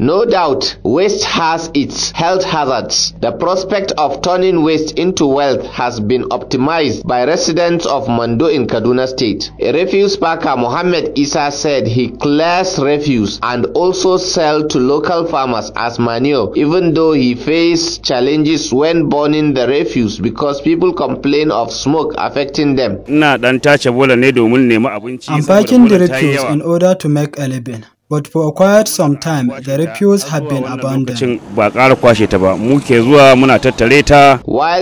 No doubt, waste has its health hazards. The prospect of turning waste into wealth has been optimized by residents of Mando in Kaduna State. A refuse packer Mohammed Isa said he clears refuse and also sells to local farmers as manure, even though he faced challenges when burning the refuse because people complain of smoke affecting them. I'm packing the refuse in order to make a living. But for quite some time, the refuse had been abandoned. While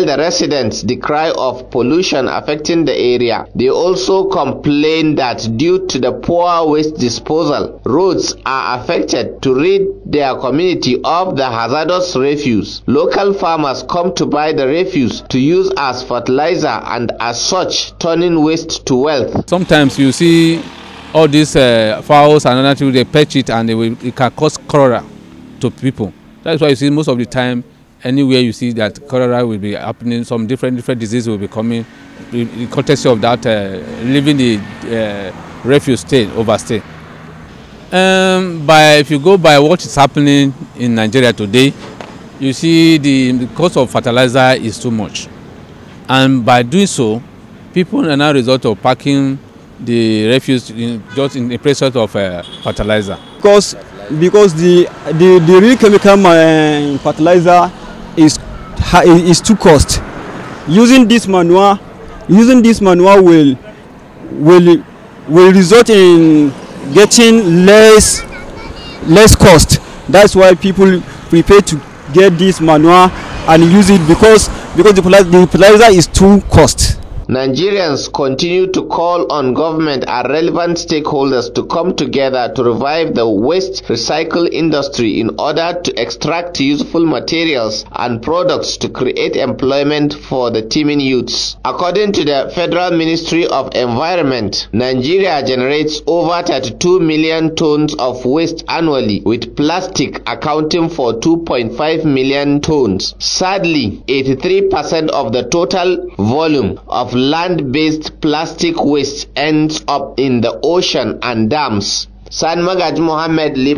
the residents decry of pollution affecting the area, they also complain that due to the poor waste disposal, roads are affected to rid their community of the hazardous refuse. Local farmers come to buy the refuse to use as fertilizer and as such turning waste to wealth. Sometimes you see all these uh, fowls and other things they perch it and they will, it can cause cholera to people That is why you see most of the time anywhere you see that cholera will be happening some different different diseases will be coming the courtesy of that uh, leaving the uh, refuge stay overstay um, by if you go by what is happening in Nigeria today you see the, the cost of fertilizer is too much and by doing so people are now result of packing the refuse in, just in the presence of uh, fertilizer. Because because the the the real chemical uh, fertilizer is is too cost. Using this manure, using this manure will will will result in getting less less cost. That's why people prepare to get this manure and use it because because the fertilizer, the fertilizer is too cost. Nigerians continue to call on government and relevant stakeholders to come together to revive the waste recycle industry in order to extract useful materials and products to create employment for the teeming youths. According to the Federal Ministry of Environment, Nigeria generates over 32 million tons of waste annually, with plastic accounting for 2.5 million tons. Sadly, 83% of the total volume of land-based plastic waste ends up in the ocean and dams. Sani Magaji Mohammed, live.